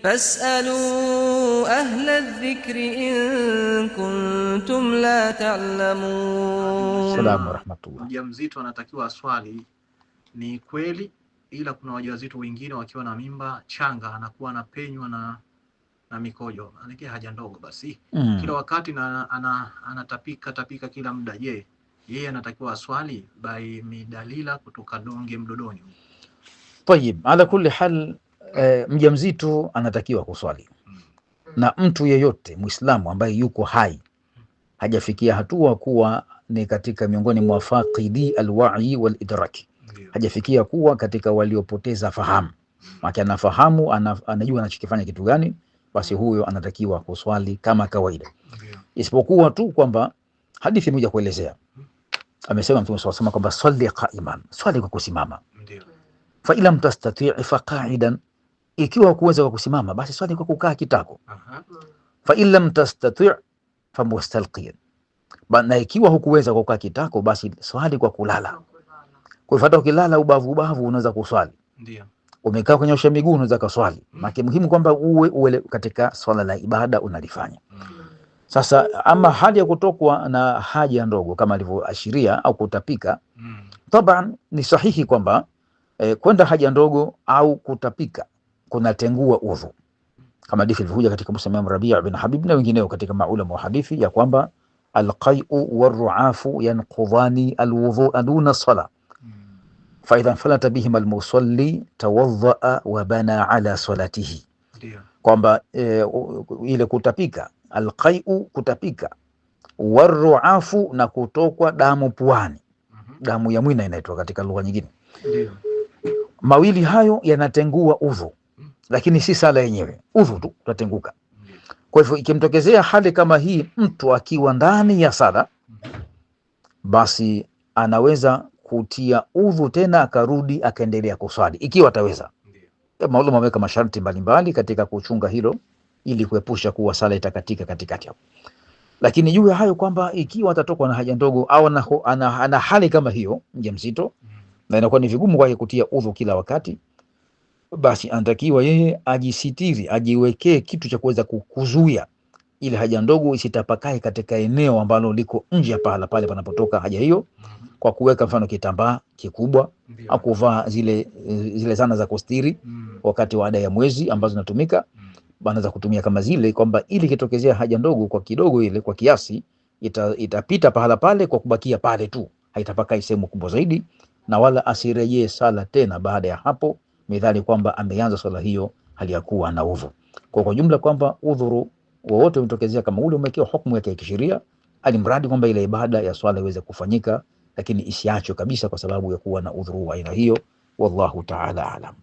Fas'alu ahla dhikri in kuntum la ta'lamun. Salamu warahmatullah. Mjamzito anatakiwa aswali, ni kweli, ila kuna wajawazito wengine wakiwa na mimba changa anakuwa anapenywa na na mikojo anake haja ndogo basi mm. Kila wakati na, ana, anatapika tapika kila muda. Je, yeye anatakiwa aswali bai midalila kutoka donge mdodoni? Tayib, ala kulli hal e, mjamzito anatakiwa kuswali na mtu yeyote Muislamu ambaye yuko hai hajafikia hatua kuwa ni katika miongoni mwa faqidi alwai walidraki, hajafikia kuwa katika waliopoteza fahamu, maana anafahamu anajua anachokifanya kitu gani, basi huyo anatakiwa kuswali kama kawaida, isipokuwa tu kwamba hadithi moja kuelezea, amesema Mtume SAW kwamba swali qaiman, swali kwa kusimama, fa ilam tastatii faqaidan ikiwa kuweza kwa kusimama, basi swali kwa kukaa kitako. Fa in lam tastati' fa mustalqiyan, na ikiwa hukuweza kwa kukaa kitako, basi swali kwa kulala. Kwa hivyo hata ukilala ubavu ubavu unaweza kuswali, ndio umekaa kwenye kunyoosha miguu unaweza kuswali. Mm. Maana muhimu kwamba uwe uwele katika swala la ibada unalifanya. Mm. Sasa ama hali ya kutokwa na haja ndogo kama alivyoashiria au kutapika, mm. taban ni sahihi kwamba eh, kwenda haja ndogo au kutapika kunatengua udhu, kama hadithi ilivyokuja katika Musnad Rabi' bin Habib na wengineo katika maulama wa hadithi ya kwamba alqai'u waruafu yanqudhani alwudhu'a duna sala fa idha falata bihim almusalli tawaddaa wa bana ala salatihi, kwamba e, ile kutapika alqai'u kutapika waruafu na kutokwa damu puani mhm. damu ya mwina inaitwa katika lugha nyingine. Ndio. Mawili hayo yanatengua udhu lakini si sala yenyewe, udhu tu tutatenguka. Kwa hivyo ikimtokezea hali kama hii mtu akiwa ndani ya sala, basi anaweza kutia udhu tena akarudi akaendelea kuswali ikiwa ataweza. Maulama ameweka masharti mbalimbali katika kuchunga hilo ili kuepusha kuwa sala itakatika katikati hapo. Lakini juu ya hayo kwamba ikiwa atatokwa na haja ndogo au ana, ana, ana hali kama hiyo mjamzito, mm. na inakuwa ni vigumu kwake kutia udhu kila wakati basi anatakiwa yeye ajisitiri, ajiwekee kitu cha kuweza kuzuia ile haja ndogo isitapakae katika eneo ambalo liko nje ya pahala pale panapotoka haja hiyo, mm-hmm. kwa kuweka mfano kitambaa kikubwa au kuvaa zile, zile zana za kustiri mm. wakati wa ada ya mwezi ambazo zinatumika, mm. anaweza kutumia kama zile, kwamba ili kitokezea haja ndogo kwa kidogo ile kwa kiasi ita, itapita pahala pale kwa kubakia pale tu, haitapakai sehemu kubwa zaidi, na wala asirejee sala tena baada ya hapo midhali kwamba ameanza swala hiyo hali ya kuwa na udhu. Kwa kwa jumla kwamba udhuru wowote umetokezea kama ule umekiwa hukumu yake ya kisheria, alimradi kwamba ile ibada ya swala iweze kufanyika, lakini isiachwe kabisa kwa sababu ya kuwa na udhuru wa aina hiyo. Wallahu taala alam.